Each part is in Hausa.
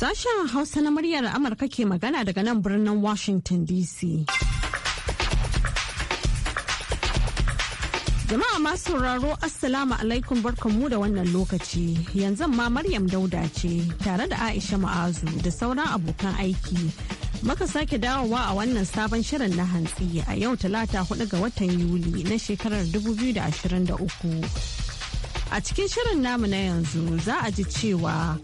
Sashen Hausa na muryar Amurka ke magana daga nan birnin Washington DC. Jama'a masu sauraro Assalamu alaikum barkanmu da wannan lokaci. Yanzu ma Maryam Dauda ce tare da Aisha Ma'azu da sauran abokan aiki. Maka sake dawowa a wannan sabon shirin na hantsi a yau talata 4 ga watan Yuli na shekarar 2023. A cikin shirin namu na yanzu za a ji cewa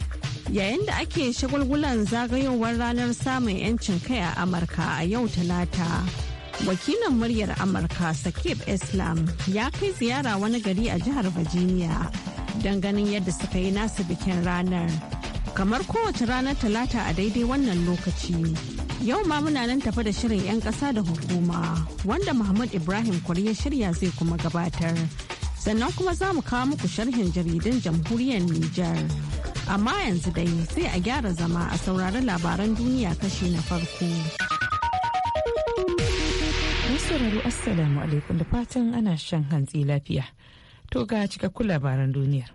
yayin da ake shagulgulan zagayowar ranar samun 'yancin kai a amurka a yau talata wakilin muryar amurka sakib islam ya kai ziyara wani gari a jihar virginia don ganin yadda suka yi nasu bikin ranar kamar kowace ranar talata a daidai wannan lokaci yau ma muna nan tafa da shirin 'yan ƙasa da hukuma wanda muhammad ibrahim ya shirya zai kuma gabatar sannan kuma za mu kawo muku sharhin jaridan jamhuriyar nijar Amma yanzu dai sai a gyara zama a saurari labaran duniya kashi na farko. sauraro Assalamu alaikum da fatan ana shan hantsi lafiya. To ga cikakkun labaran duniyar.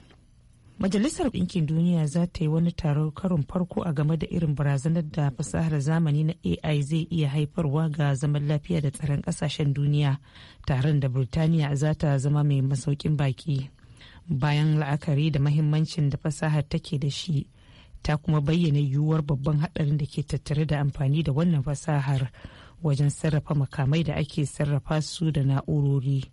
Majalisar Ɗinkin Duniya za ta yi wani taron karon farko a game da irin barazanar da fasahar zamani na AI zai iya haifarwa ga zaman lafiya da tsaron ƙasashen duniya, taron da Burtaniya za ta zama mai masaukin baki. bayan la'akari da mahimmancin da fasahar take da shi ta kuma bayyana yiwuwar babban haɗarin da ke tattare da amfani da wannan fasahar wajen sarrafa makamai da ake sarrafa su da na'urori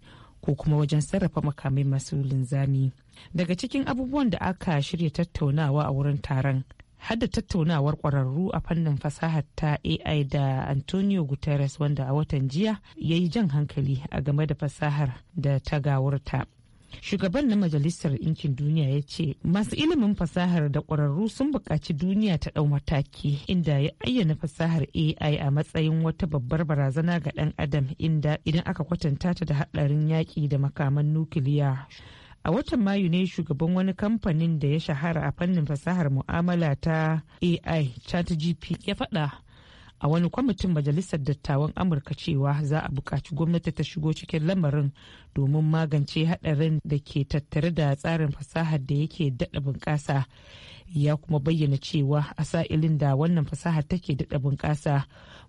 ko kuma wajen sarrafa makamai masu linzami daga cikin abubuwan da aka shirya tattaunawa a wurin taron har tattaunawar kwararru a fannin fasahar ta AI da Antonio Guterres wanda a watan jiya ya yi jan hankali a game da fasahar da ta gawurta. shugaban na majalisar ɗinkin duniya ya ce masu ilimin fasahar da ƙwararru sun buƙaci duniya ta ɗau mataki inda ya ayyana fasahar ai a matsayin wata babbar barazana ga ɗan adam inda idan aka kwatanta ta da haɗarin yaƙi da makaman nukiliya a watan mayu ne shugaban wani kamfanin da ya shahara a fannin fasahar mu'amala ta ai chatgp ya faɗa a wani kwamitin majalisar dattawan amurka cewa za a buƙaci gwamnati ta shigo cikin lamarin domin magance haɗarin da ke tattare da tsarin fasahar da yake daɗa bunƙasa ya kuma bayyana cewa a sa'ilin da wannan fasahar take daɗa bunƙasa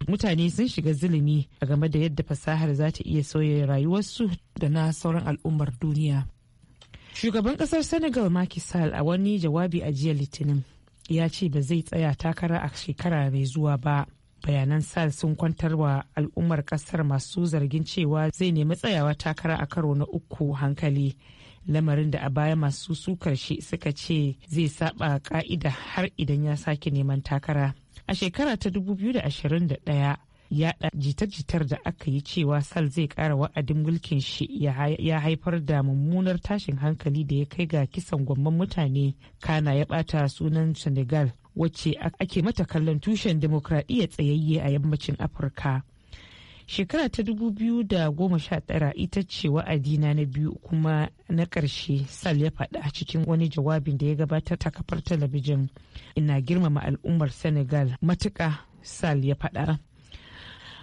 mutane sun shiga zilimi game da yadda fasahar za ta iya sauya rayuwarsu da na sauran al'ummar duniya shugaban ƙasar senegal Macky Sall a wani jawabi a jiya litinin ya ce ba zai tsaya takara a shekara mai zuwa ba bayanan sal sun kwantar wa al'ummar kasar masu zargin cewa zai nemi tsayawa takara a karo na uku hankali lamarin da a baya masu sukar shi suka ce zai saba ka'ida har idan ya sake neman takara a shekara ta 2021 yaɗa jitar jitar da aka yi cewa sal zai ƙara wa'adin mulkin shi ya haifar da mummunar tashin hankali da ya kai ga kisan gwamman mutane kana ya ɓata sunan senegal wacce ake mata kallon tushen demokradiyya tsayayye a yammacin afirka shekara ta 2019 ita ce wa'adina na biyu kuma na ƙarshe sal ya faɗa cikin wani jawabin da ya gabatar ta kafar talabijin ina girmama al'ummar senegal matuka sal ya faɗa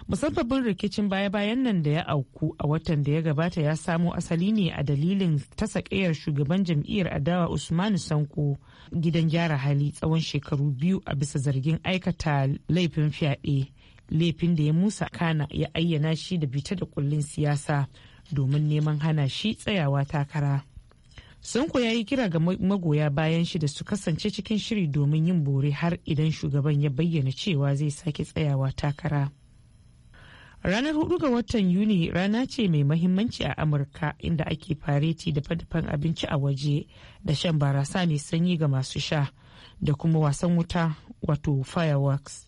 musabbabin rikicin baya-bayan nan da ya auku a watan da ya gabata ya samo asali ne a dalilin tasa sakayar shugaban jam'iyyar adawa usmanu sanko gidan gyara hali tsawon shekaru biyu a bisa zargin aikata laifin fyaɗe laifin da ya musa kana ya ayyana shi da bita da kullin siyasa domin neman hana shi tsayawa takara sanko ya yi kira ga magoya bayan shi da su kasance cikin shiri domin yin bore har idan shugaban ya bayyana cewa zai sake tsayawa takara. Ranar hudu ga watan Yuni rana ce mai mahimmanci a Amurka inda ake fareti da fadafan abinci a waje da shan barasa mai sanyi ga masu sha da kuma wasan wuta wato fireworks.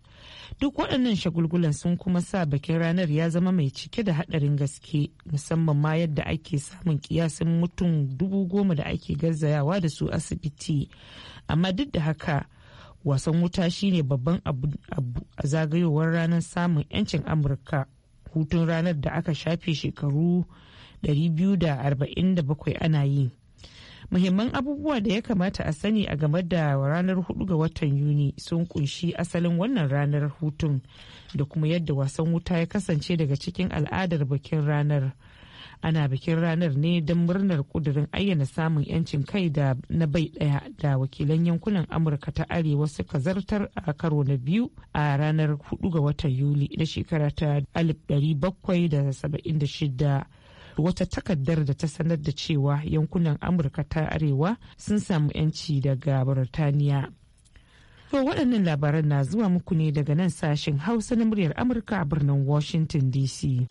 Duk waɗannan shagulgulan sun kuma sa bakin ranar ya zama mai cike da haɗarin gaske musamman ma yadda ake samun kiyasin mutum dubu goma da ake gazzayawa da su asibiti. Amma duk da haka wasan wuta shine babban abu a zagayowar ranar samun 'yancin Amurka. hutun ranar da aka shafe shekaru 247 ana yi. Muhimman abubuwa da ya kamata a sani a game da ranar 4 ga watan Yuni sun kunshi asalin wannan ranar hutun da kuma yadda wasan wuta ya kasance daga cikin al'adar bikin ranar. ana bikin ranar ne don murnar kudirin ayyana samun yancin kai da na bai daya da wakilan yankunan amurka ta arewa suka zartar a karo na biyu a ranar 4 ga watan yuli na shekara ta 1776 wata takaddar da ta sanar da cewa yankunan amurka ta arewa sun samu 'yanci daga burtaniya To waɗannan labaran na zuwa muku ne daga nan sashen hausa na muryar amurka a birnin washington dc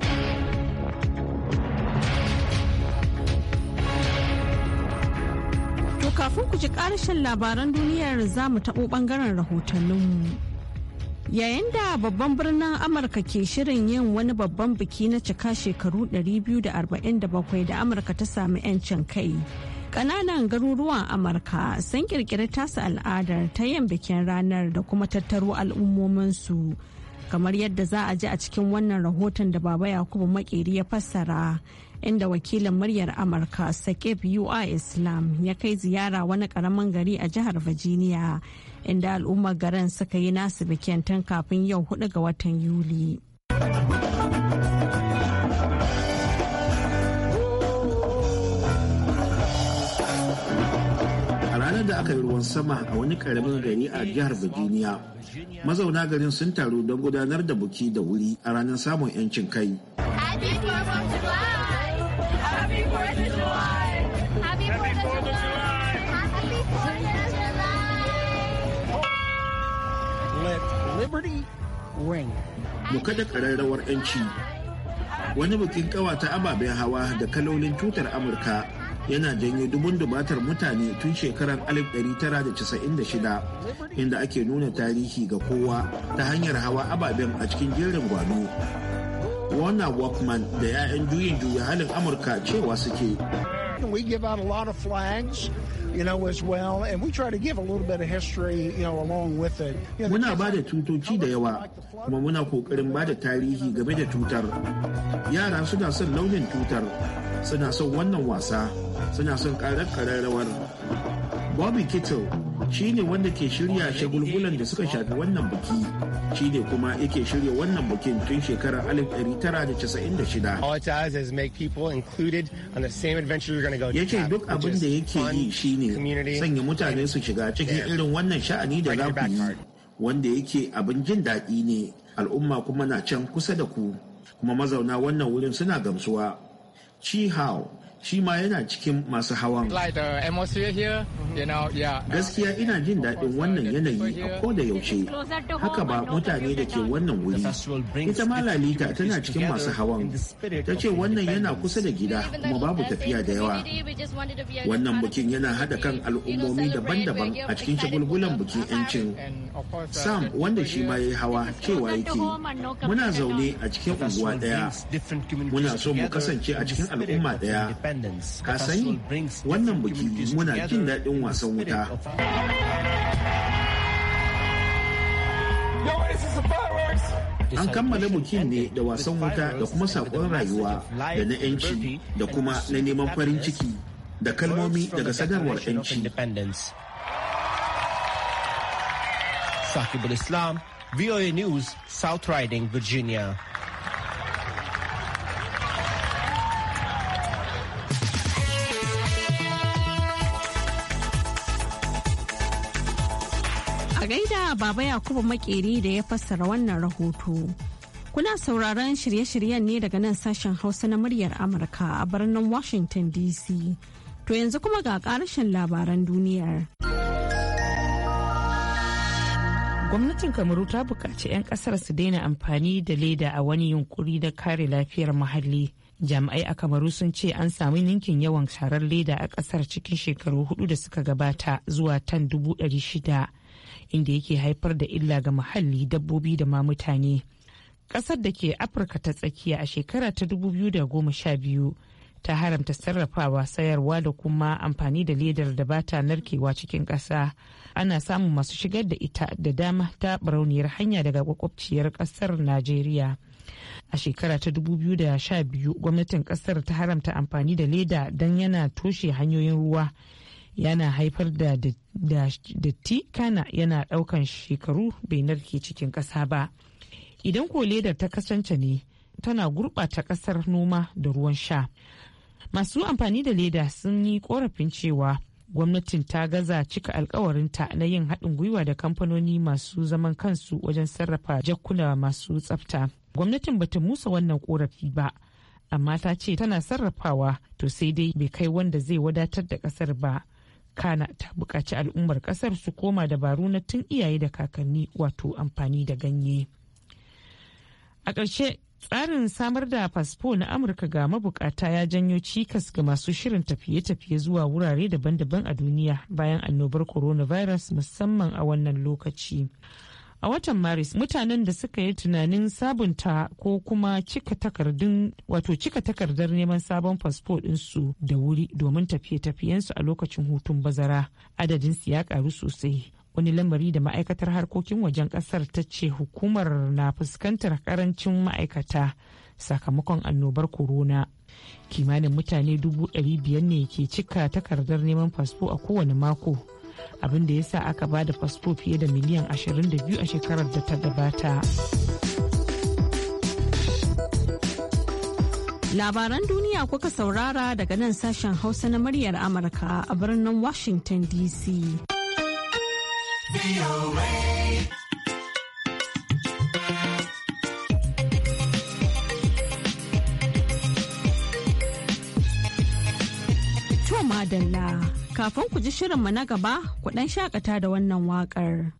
Kafin ku ji karshen labaran duniyar za mu taɓo ɓangaren rahotanninmu. Yayin da babban birnin Amurka ke shirin yin wani babban biki na cika shekaru 247 da Amurka ta sami 'yancin kai. Ƙananan garuruwan Amurka sun kirkiri tasu al'adar ta yin bikin ranar da kuma tattaro al'ummominsu. Kamar yadda za a ji a cikin wannan rahoton da Baba Yakubu Makeri ya fassara. inda wakilin muryar amurka sakib ua islam ya kai ziyara wani karamin gari a jihar virginia inda al'ummar garin suka yi nasu bikin tun kafin yau hudu ga watan yuli ranar da aka yi ruwan sama a wani karamin gari a jihar Virginia. Mazauna garin sun taru don gudanar da buki da wuri a ranar samun 'yancin kai. Mu kada ƙararrawar 'yanci. Wani bikin ƙawata ababen hawa da kalolin tutar Amurka yana janyo dubun dubatar mutane tun shekarar 1996 inda ake nuna tarihi ga kowa ta hanyar hawa ababen a cikin jerin gwano. Wannan Walkman da 'ya'yan juyin juya halin Amurka cewa suke. And we give out a lot of flags, you know, as well. And we try to give a little bit of history, you know, along with it. muna ba da tutoci da yawa, kuma muna kokarin ba da tarihi game da tutar. Yara suna son launin tutar, suna son wannan wasa, suna son karar kararrawar. Bobby Kittle shi ne wanda ke shirya shagulgulan da suka shafi wannan biki. Shi ne kuma yake shirya wannan bikin tun shekarar 1996. Ya ce duk abin da yake yi shi ne sanya mutane su shiga cikin irin wannan sha'ani da za ku yi. Wanda yake abin jin daɗi ne al'umma kuma na can kusa da ku. Kuma mazauna wannan wurin suna gamsuwa. Chi Hao shi ma yana cikin masu hawan. Gaskiya ina jin daɗin wannan yanayi a ko da yaushe. Haka ba mutane da ke wannan wuri. Ita ma Lalita tana cikin masu hawan. Ta ce wannan yana kusa da gida kuma babu tafiya da yawa. Wannan bikin yana haɗa kan al'ummomi daban-daban a cikin shagulgulan bikin 'yancin. Sam wanda shi ma ya yi hawa cewa yake. Muna zaune a cikin unguwa ɗaya. Muna so mu kasance a cikin al'umma ɗaya. Ka sani wannan biki muna jin daɗin wasan wuta. An kammala bikin ne da wasan wuta da kuma saƙon rayuwa da na 'yanci da kuma na neman farin ciki da kalmomi daga sadarwar 'yanci. Sakibul Islam, VOA News, South Riding, Virginia. da Baba Yakubu Makeri da ya fassara wannan rahoto. Kuna sauraron shirye-shiryen ne daga nan sashen Hausa na muryar Amurka a birnin Washington DC. To yanzu kuma ga ƙarashin labaran duniyar. Gwamnatin Kamaru ta buƙaci 'yan ƙasar su daina amfani da leda a wani yunkuri da kare lafiyar muhalli. Jami'ai a Kamaru sun ce an sami ninkin yawan sharar leda a ƙasar cikin shekaru hudu da suka gabata zuwa tan dubu ɗari shida. inda yake haifar da illa ga muhalli dabbobi da ma mutane ƙasar da ke afirka ta tsakiya a shekara ta 2012 ta haramta sarrafawa sayarwa da kuma amfani da ledar da ba ta narkewa cikin ƙasa ana samun masu shigar da ita da dama ta barauniyar hanya daga kwakwabciyar ƙasar najeriya a shekara ta 2012 gwamnatin ƙasar ta haramta amfani da leda don yana toshe hanyoyin ruwa yana haifar da datti kana yana daukan shekaru bai narke cikin ƙasa ba idan ko ledar ta kasance ne tana gurɓata ƙasar noma da ruwan sha masu amfani da leda sun yi korafin cewa gwamnatin ta gaza cika alkawarinta na yin haɗin gwiwa da kamfanoni masu zaman kansu wajen sarrafa jakkuna masu tsafta gwamnatin bata musa wannan korafi ba amma ta ce tana sarrafawa to sai dai bai kai wanda zai wadatar da ƙasar ba kana ta buƙaci al'ummar ƙasar su koma dabaru na tun iyaye da kakanni wato amfani da ganye a ƙarshe tsarin samar da fasfo na amurka ga mabuƙata ya janyo cikas ga masu shirin tafiye-tafiye zuwa wurare daban-daban a duniya bayan annobar coronavirus musamman a wannan lokaci a watan maris mutanen da suka yi tunanin sabunta ko kuma cika takardun wato cika takardar neman sabon fasfo ɗinsu da wuri domin tafiye-tafiyensu a lokacin hutun bazara adadin su ya karu sosai wani lamari da ma'aikatar harkokin wajen kasar ta ce hukumar na fuskantar karancin ma'aikata sakamakon annobar corona kimanin mutane dubu biyar ne ke cika takardar neman fasfo a kowane mako abin da ya sa aka ba da fasfo fiye da miliyan 22 a shekarar da ta gabata. Labaran duniya kuka saurara daga nan sashen Hausa na muryar Amurka a birnin Washington DC. Madalla. Kafin ku ji shirin shirinmu na gaba, ku ɗan shakata da wannan waƙar.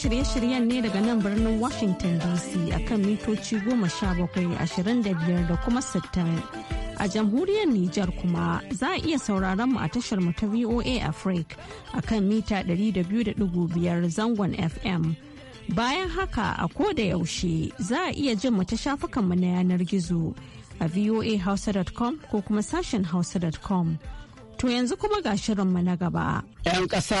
shirye-shiryen ne daga nan birnin Washington DC akan mitoci goma sha bakwai ashirin da biyar da kuma 60. A jamhuriyar Nijar kuma za a iya sauraron mu a tashar mu ta VOA Africa akan mita 200.5 zangon FM. Bayan haka a koda yaushe za a iya jin mu ta shafukanmu na yanar gizo a voahausa.com ko kuma sashen hausa.com. To yanzu kuma ga shirinmu na gaba. 'Yan ƙasa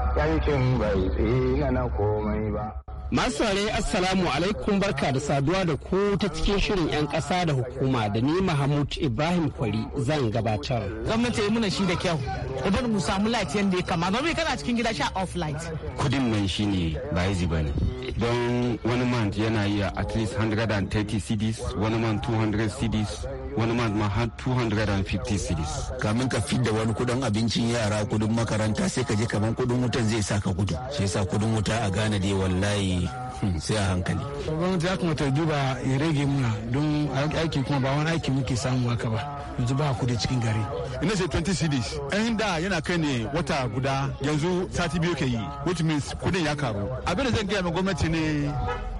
yankin bai tsina na komai ba. Masu Assalamu alaikum barka da saduwa da ku ta cikin shirin 'yan ƙasa da hukuma da ni Mahmud Ibrahim Kwari zan gabatar. Gwamnati muna shi da kyau. idan mu samu light yadda ya kama. Gwamnati kana cikin gida sha off light. Kudin mai shi ne ba yi ba ne. Don wani month yana yi at least 130 CDs, wani month 200 CDs, wani man ma har 250 cities kamin ka fidda wani kudin abincin yara kudin makaranta sai ka je kaman kudin wutan zai sa ka gudu shi sa kudin wuta a Ghana dai wallahi hmm, sai a hankali. Gwamnati ya kuma ta duba ya rage muna don aiki kuma ba wani aiki muke samu haka ba yanzu ba kudi cikin gari. Ina sai 20 cities Ɗan da yana kai ne wata guda yanzu sati biyu ke yi which means kudin ya karu. Abin da zan gaya ma gwamnati ne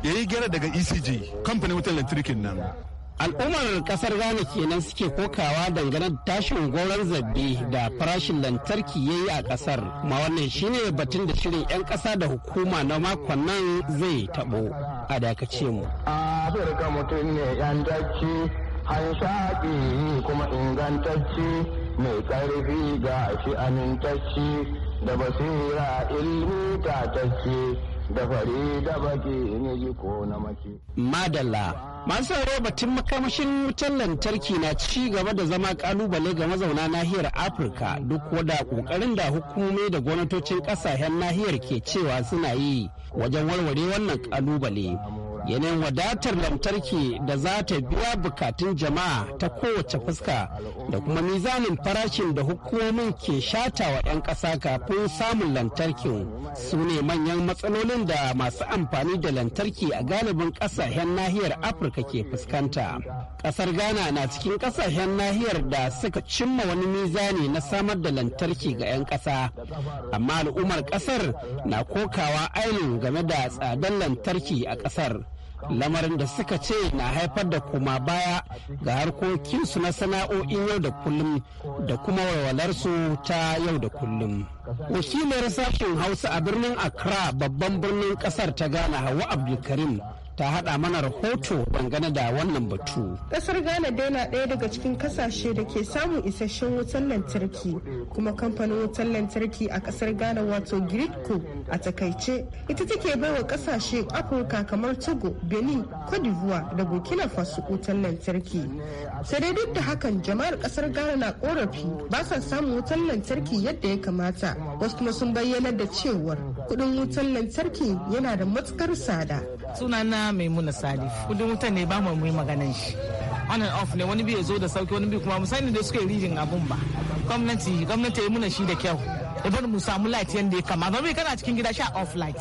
ya yi gyara daga ECG kamfanin wutan lantarkin nan. al'ummar kasar ghana kenan suke kokawa dangane da tashin goron zabe da farashin lantarki ya yi a kasar ma wannan shine batun da shirin 'yan kasa da hukuma na makon nan zai tabo a dakace mu afirka mutum ne yan dace kuma ingantacce mai ƙarfi ga shi amintacce da basira ilmi tatacce da Madalla, masu sauraro batun makamashin wutar lantarki na ci gaba da zama kalubale ga mazauna nahiyar Afirka duk wada kokarin da hukumomi da gwamnatocin kasashen nahiyar ke cewa suna yi wajen warware wannan kalubale. yanayin wadatar lantarki da za ta biya bukatun jama'a ta kowace fuska da kuma mizanin farashin da hukumomin ke shatawa 'yan ƙasa kafin samun lantarkin su ne manyan matsalolin da masu amfani da lantarki a galibin ƙasashen nahiyar afirka ke fuskanta ƙasar ghana na cikin ƙasashen nahiyar da suka cimma wani mizani na samar da lantarki ga 'yan ƙasa amma al'ummar ƙasar na kokawa ainihin game da tsadar lantarki a ƙasar lamarin da suka ce na haifar da kuma baya ga harkokinsu na sana'o'in yau da kullum da kuma walwalarsu ta yau da kullum. Wakilin sashen Hausa a birnin Accra babban birnin kasar ta Ghana Hawa Abdulkarim ta haɗa mana rahoto dangane da wannan batu. Ƙasar Ghana dai na ɗaya daga cikin kasashe da ke samun isasshen wutar lantarki kuma kamfanin wutar lantarki a ƙasar Ghana wato Gridco a takaice ita take baiwa ƙasashe Afirka kamar Togo, Benin, Cote d'Ivoire da Burkina Faso wutar lantarki. Sai dai duk da hakan jama'ar ƙasar Ghana na korafi ba sa samun wutar lantarki yadda ya kamata wasu kuma sun bayyana da cewar kuɗin wutar lantarki yana da matukar tsada. Sunana na maimuna salif kudin wutan ne ba mu yi maganan shi on and off ne wani bai zo da sauki wani bi kuma mu da suka yi rijin abun ba gwamnati gwamnati ya muna shi da kyau ya bari mu samu light yadda ya kama bai kana cikin gida sha off light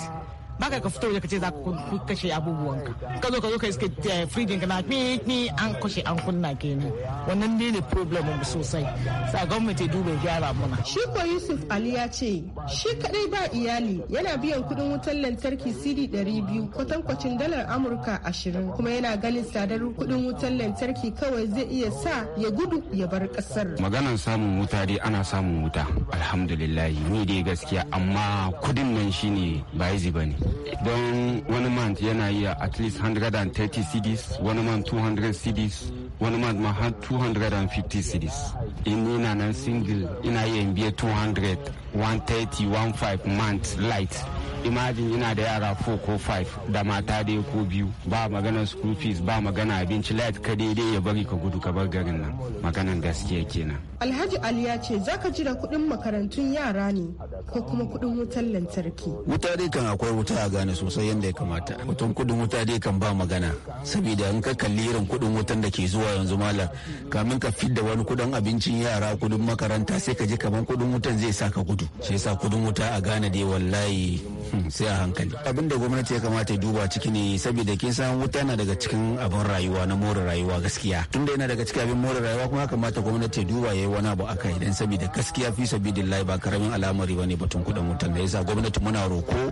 ba ka fito da kace za ka kashe abubuwan ka ka zo ka zo ka iske eh, fridin ka na mi an kashe an kunna kenan wannan ne ne problem mu sosai sa gwamnati duba gyara muna shi ko Yusuf Ali ya ce shi kadai ba iyali yana biyan kudin wutar lantarki CD 200 kwatankwacin dalar Amurka 20 kuma yana ganin sadar kudin wutar lantarki kawai zai iya sa ya gudu ya bar kasar maganan samun wuta dai ana samun wuta alhamdulillah ni dai gaskiya amma kudin nan shine ba bane don wani month yana iya at least 130 cds wani month 200 cds wani month ma 250 cds in ina nan single ina yi nba 200 130 15 month light imagine ina da yara 4 ko 5 da mata dai ko biyu ba magana school fees ba magana abinci light ka daidai ya bari ka gudu ka bar garin nan maganan gaskiya kenan alhaji ali ya ce zaka da kuɗin makarantun yara ne ko kuma kuɗin wutar lantarki wuta dai kan akwai wuta a gane sosai yadda ya kamata mutum kuɗin wuta dai kan ba magana saboda in ka kalli irin kuɗin wutan da ke zuwa yanzu malam kamin ka da wani kuɗin abincin yara kudin makaranta sai ka ji kaman kuɗin wutan zai sa ka gudu shi yasa kuɗin wuta a gane dai wallahi hmm, sai a hankali abin da gwamnati ya kamata ya duba ciki ne saboda kin san wuta na daga cikin abin rayuwa na more rayuwa gaskiya tunda yana daga cikin abin more rayuwa kuma ya kamata gwamnati ya duba ya wani abu aka yi dan sabida gaskiya fi sabidillahi ba karamin al'amari bane batun kuɗin wutar da yasa gwamnati muna roko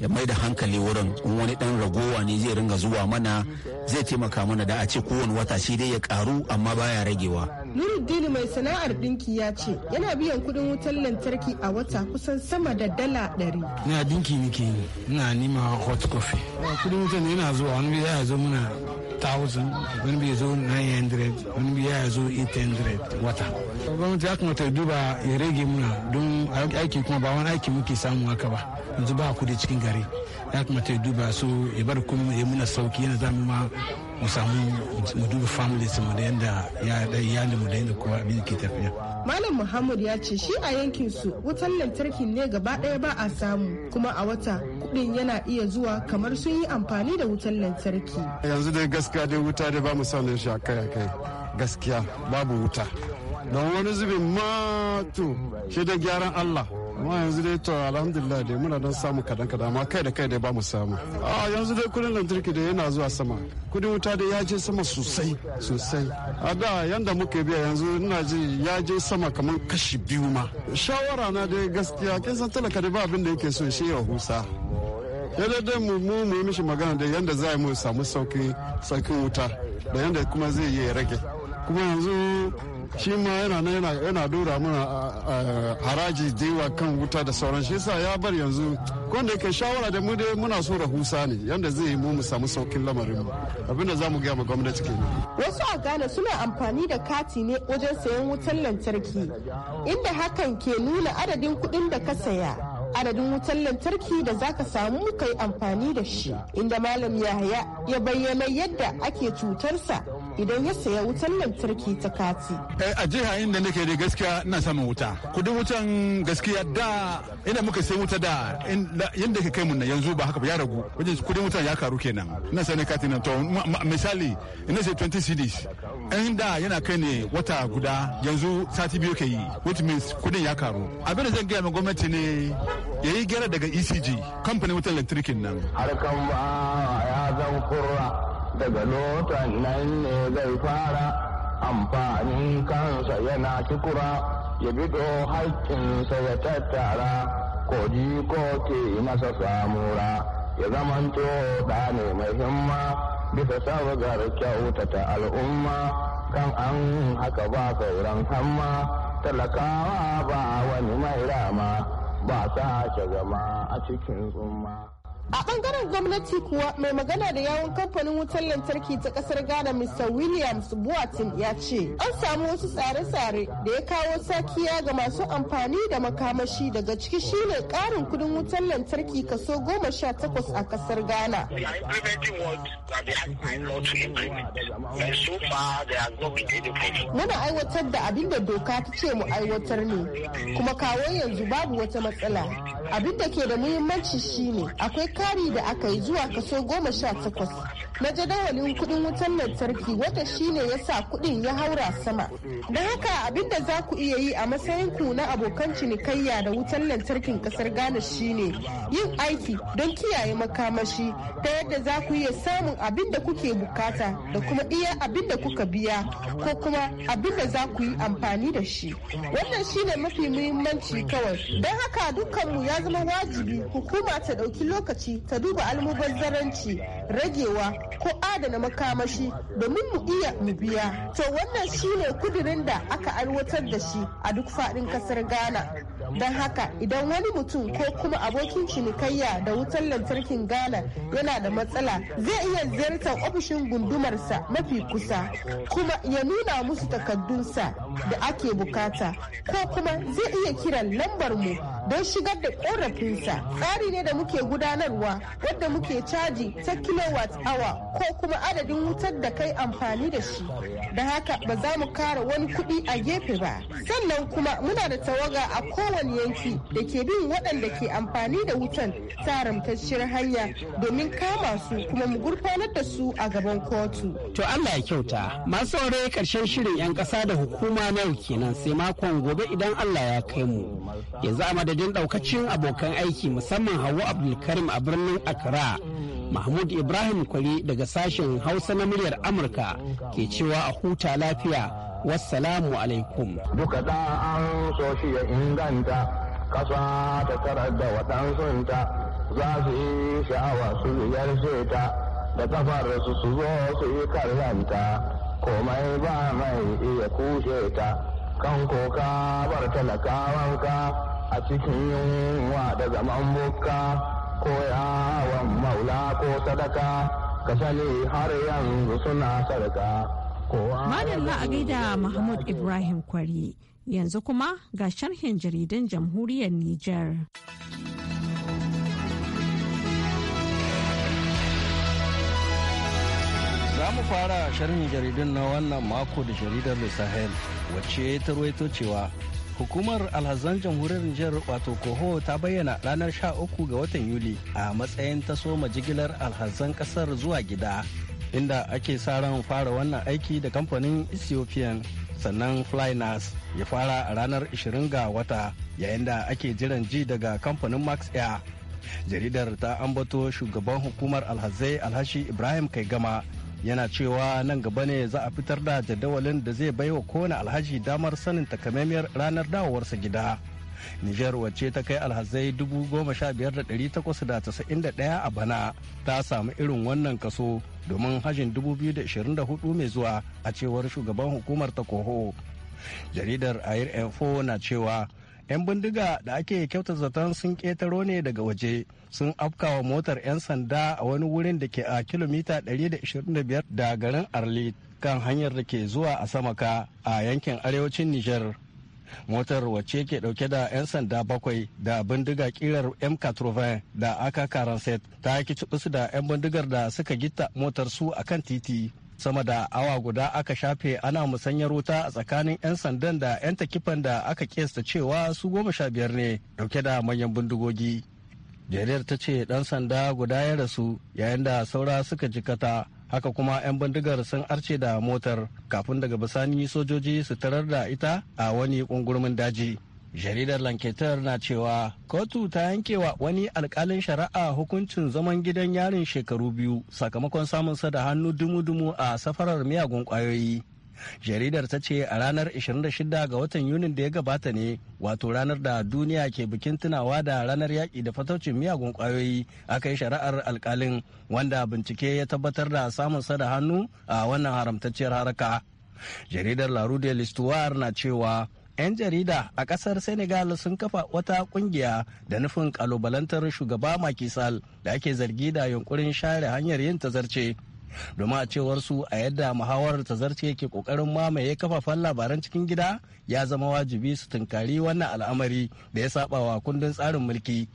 ya mai da hankali wurin in wani dan ragowa ne zai ringa zuwa mana zai taimaka mana da a ce kowane wata shi dai ya karu amma baya ragewa Nuruddin mai sana'ar dinki ya ce yana biyan kudin wutar lantarki a wata kusan sama da dala ɗari. Ina dinki nike yi, ina nima hot coffee. kudin wutar yana zuwa wani biya ya zo muna 1000 wani biya zo 900 wani biya ya zo 800 wata. Gwamnati ya kamata ya duba ya rage muna don aiki kuma ba wani aiki muke samu haka ba. Yanzu ba kudi cikin gari. ya kamata ya duba su ya bar kuma ya muna sauki yana zamu ma mu samu mu duba family mu da yanda ya da iyali mu da yanda kuma abin ke tafiya malam muhammad ya ce shi a yankin su wutan lantarki ne gaba daya ba a samu kuma a wata kudin yana iya zuwa kamar sun yi amfani da wutan lantarki yanzu dai gaskiya dai wuta dai ba mu samu shi akai akai gaskiya babu wuta don wani zubin ma to shi da gyaran allah amma yanzu dai to alhamdulillah dai muna dan samu kadan kadan amma kai da kai dai ba mu samu a yanzu dai kudin lantarki da yana zuwa sama kudin wuta da ya je sama sosai sosai a da yanda muke biya yanzu ina ji ya je sama kamar kashi biyu ma shawara na dai gaskiya kin san talaka da ba abin da yake so shi ya husa yadda dai mu mu yi mishi magana da yanda za mu samu saukin saukin wuta da yanda kuma zai yi rage kuma yanzu shi ma yana nan yana dora mana haraji da kan wuta da sauran shi sa ya bar yanzu ko da yake shawara da mu dai muna so rahusa ne yanda zai yi mu mu samu saukin lamarin mu abinda za mu gaya ma gwamnati ke wasu a Ghana suna amfani da kati ne wajen sayan wutar lantarki inda hakan ke nuna adadin kuɗin da ka saya adadin wutar lantarki da za ka samu kai amfani da shi inda malam yahaya ya bayyana yadda ake cutarsa idan ya saya wutar lantarki ta kati. Eh, a jiha inda nake da gaskiya ina sama wuta. Kudin wutan gaskiya da inda muka sai wuta da yadda ka kai mun yanzu ba haka ba ya ragu. Wajen kudin wutan ya karu kenan. Ina sani kati na to misali ina sai 20 CDs. In da yana kai ne wata guda yanzu sati biyu ke yi which means kudin ya karu. Abin da zan gaya ma gwamnati ne ya yi gyara daga ECG kamfanin wutan lantarkin nan. Harkan ba ah, ya zan kurra daga lotan nan ne zai fara amfani kansa yana kikura ya bido haƙƙinsa ya tattara ko ji ko ke masa samura ya zamanto da ne mai himma bisa sabgar kyautata al'umma kan an haka ba sauran hamma talakawa ba wani mai rama ba sa zama a cikin tsumma. A bangaren gwamnati kuwa mai magana da yawon kamfanin wutar lantarki ta kasar Ghana Mr. Williams Buatin ya ce, an samu wasu tsare-tsare da ya kawo sakiya ga masu amfani da makamashi daga ciki shine karin kudin wutar lantarki kaso goma sha takwas a kasar Ghana. Muna aiwatar da abin da doka ta ce mu aiwatar ne, kuma kawo yanzu babu wata matsala. Abin da ke da muhimmanci shine akwai kari da aka yi zuwa kaso goma sha takwas na jadawalin kudin wutar lantarki wata shine ya sa kudin ya haura sama don haka abinda za ku iya yi a matsayin ku na abokan cinikayya da wutar lantarkin kasar ghana shine yin aiki don kiyaye makamashi ta yadda za ku iya samun abin da kuke bukata da kuma iya abin da kuka biya ko kuma abin da za ku yi amfani da shi wannan shine mafi muhimmanci kawai don haka dukkanmu ya zama wajibi hukuma ta ɗauki lokaci ta duba almubazzaranci ragewa ko adana makamashi domin mu iya mu biya to wannan shine kudirin da aka aiwatar da shi a duk faɗin ƙasar ghana don haka idan wani mutum ko kuma abokin cinikayya da wutar lantarkin ghana yana da matsala zai iya ziyartar ofishin gundumarsa mafi kusa kuma ya nuna musu takaddunsa da ake bukata ko kuma zai iya kiran lambar mu don shigar da korafinsa tsari ne da muke gudanarwa wadda muke caji ta kilowatt hour ko kuma adadin wutar da kai amfani da shi da haka ba za mu kara wani kuɗi a gefe ba sannan kuma muna da tawaga a kowane yanki da ke bin waɗanda ke amfani da wutan ta hanya domin kama su kuma mu gurfanar da su a gaban kotu to Allah ya kyauta masu aure karshen shirin 'yan ƙasa da hukuma na kenan sai makon gobe idan Allah ya kai mu yanzu a wajen ɗaukacin abokan aiki musamman Hauwa Abdulkarim a birnin Accra. Mahmud Ibrahim Kwari daga sashen Hausa na muryar Amurka ke cewa a huta lafiya. Wassalamu alaikum. Duka da an so shi ya inganta kasa ta tarar da waɗansunta za su yi sha'awa su ziyarce ta da kafar su su zo su yi karyanta komai ba mai iya kushe ta kan koka bar talakawanka. a cikin yunwa da zaman buka ko yawon maula ko sadaka ka sani har yanzu suna sarka madalla a gaida mahmud ibrahim kwari yanzu kuma ga sharhin jaridan jamhuriyar niger za mu fara sharhin jaridun na wannan mako da jaridar sahel wacce ta ruwaito cewa Hukumar alhazan jamhuriyar Nijar wato Koho ta bayyana ranar 13 ga watan Yuli a matsayin ta soma jigilar alhazan kasar zuwa gida inda ake sa ran fara wannan aiki da kamfanin Ethiopian sannan Flynas ya fara a ranar 20 ga wata yayin da ake jiran ji daga kamfanin Max Air. Jaridar ta ambato shugaban hukumar alhazai alhashi Ibrahim Kaigama yana cewa nan gaba ne za a fitar da jadawalin da zai baiwa kowane alhaji damar sanin takamaimiyar ranar dawowarsa gida Nijar wacce ta kai alhazai 15,891 a bana ta samu irin wannan kaso domin hajjin 2024 mai zuwa a cewar shugaban hukumar ta koho. Jaridar Air Info na cewa 'yan bindiga da ake kyauta zaton sun ƙetaro ne daga waje sun afkawa motar 'yan sanda a wani wurin da ke a kilomita 125 da garin arlit kan hanyar da ke zuwa a samaka a yankin arewacin niger motar wacce ke dauke da 'yan sanda bakwai da bindiga kirar m da aka karanset ta kici da 'yan bindigar da suka gita motar su akan titi sama da awa guda aka shafe ana musanyar wuta a tsakanin 'yan sandan da 'yan takifan da aka kesta cewa su goma sha biyar ne dauke da manyan bindigogi jaridar ta ce dan sanda guda ya rasu yayin da saura suka jikata haka kuma 'yan bindigar sun arce da motar kafin daga bisani sojoji su tarar da ita a wani ƙungurmin daji jaridar lanketar na cewa kotu ta yankewa wani alkalin shari'a hukuncin zaman gidan yarin shekaru biyu sakamakon samunsa da hannu dumu-dumu a safarar miyagun kwayoyi jaridar ta ce a ranar 26 ga watan yunin da ya gabata ne wato ranar da duniya ke bikin tunawa da ranar yaƙi da fataucin miyagun kwayoyi aka yi shari'ar alkalin wanda bincike ya tabbatar da samunsa da hannu a wannan haramtacciyar haraka jaridar la listuwar na cewa 'yan jarida a kasar senegal sun kafa wata kungiya da nufin kalubalantar shugaba makisal da ake zargi da yunkurin share hanyar yin tazarce domin a cewar su a yadda muhawarar tazarce ke kokarin mamaye kafafen labaran cikin gida ya zama wajibi su tunkari wannan al'amari da ya saba wa kundin tsarin mulki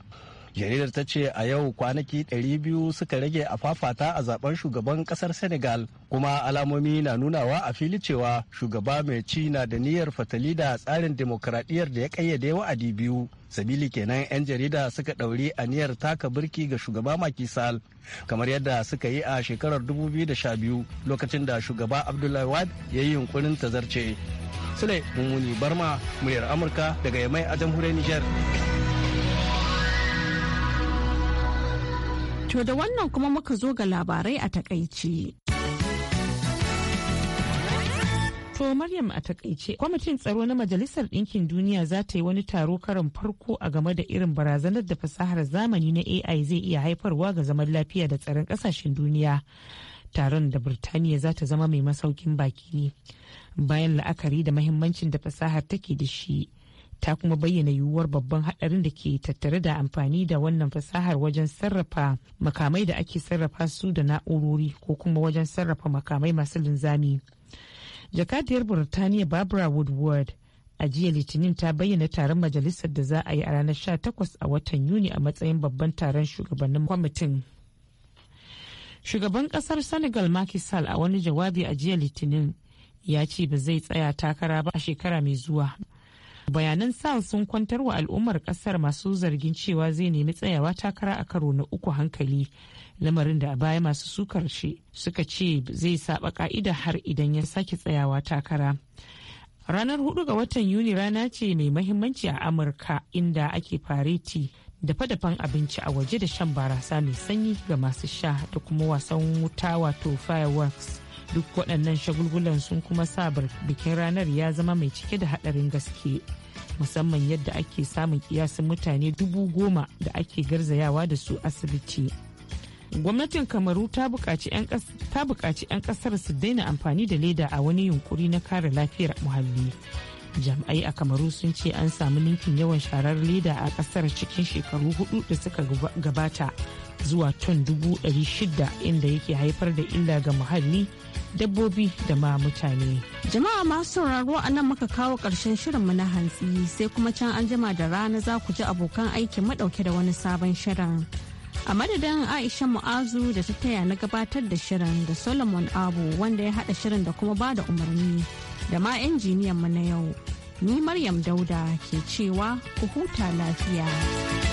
jaridar ta ce a yau kwanaki 200 suka rage a fafata a zaben shugaban kasar senegal kuma alamomi na nunawa a fili cewa shugaba mai ci na da niyyar fatali da tsarin demokradiyyar da ya kayyade wa'adi biyu sabili kenan 'yan jarida suka ɗauri aniyar taka birki ga shugaba makisal kamar yadda suka yi a shekarar 2012 lokacin da shugaba abdullawad ya yi yunkurin tazarce sule mummuni barma muryar amurka daga yamai a jamhuriyar niger To da wannan kuma muka zo ga labarai a takaici. To Maryam a takaice, kwamitin tsaro na Majalisar Ɗinkin Duniya za ta yi wani taro karon farko a game da irin barazanar da fasahar zamani na AI zai iya haifarwa ga zaman lafiya da tsaron ƙasashen duniya. taron da Birtaniya za ta zama mai masaukin baki ne bayan la'akari da mahimmancin da fasahar take da shi ta kuma bayyana yiwuwar babban hadarin da ke tattare da amfani da wannan fasahar wajen sarrafa makamai da ake sarrafa su da na'urori ko kuma wajen sarrafa makamai masu linzami. Jakadiyar Burtaniya Barbara Woodward a jiya Litinin ta bayyana taron majalisar da za a yi a ranar 18 a watan Yuni a matsayin babban taron shugabannin kwamitin. Shugaban kasar Senegal Macky a wani jawabi a jiya Litinin ya ce ba zai tsaya takara ba a shekara mai zuwa bayanan sa sun kwantar wa al'ummar kasar masu zargin cewa zai nemi tsayawa takara a karo na uku hankali lamarin da a baya masu sukar shi suka ce zai saba ka'ida har idan ya sake tsayawa takara ranar hudu ga watan yuni rana ce mai mahimmanci a amurka inda ake fareti da fadafan abinci a waje da shan barasa mai sanyi ga masu sha da kuma wasan wuta wato fireworks duk waɗannan shagulgulan sun kuma sa bikin ranar ya zama mai cike da haɗarin gaske musamman yadda ake samun kiyasin mutane dubu goma da ake garzayawa da su asibiti gwamnatin kamaru ta buƙaci 'yan ƙasar su daina amfani da leda a wani yunkuri na kare lafiyar muhalli jami'ai a kamaru sun ce an samu ninkin yawan sharar leda a ƙasar cikin shekaru hudu da suka gabata zuwa ton dubu ɗari shida inda yake haifar da illa ga muhalli dabbobi da ma mutane. Jama'a masu sauraro a nan muka kawo ƙarshen shirinmu na hantsi sai kuma can an jima da rana za ku ji abokan aikin madauke da wani sabon shirin. A madadin Aisha Mu'azu da ta taya na gabatar da shirin da Solomon Abu wanda ya haɗa shirin da kuma bada umarni da ma injiniyan mu na yau. Ni Maryam Dauda ke cewa ku huta lafiya.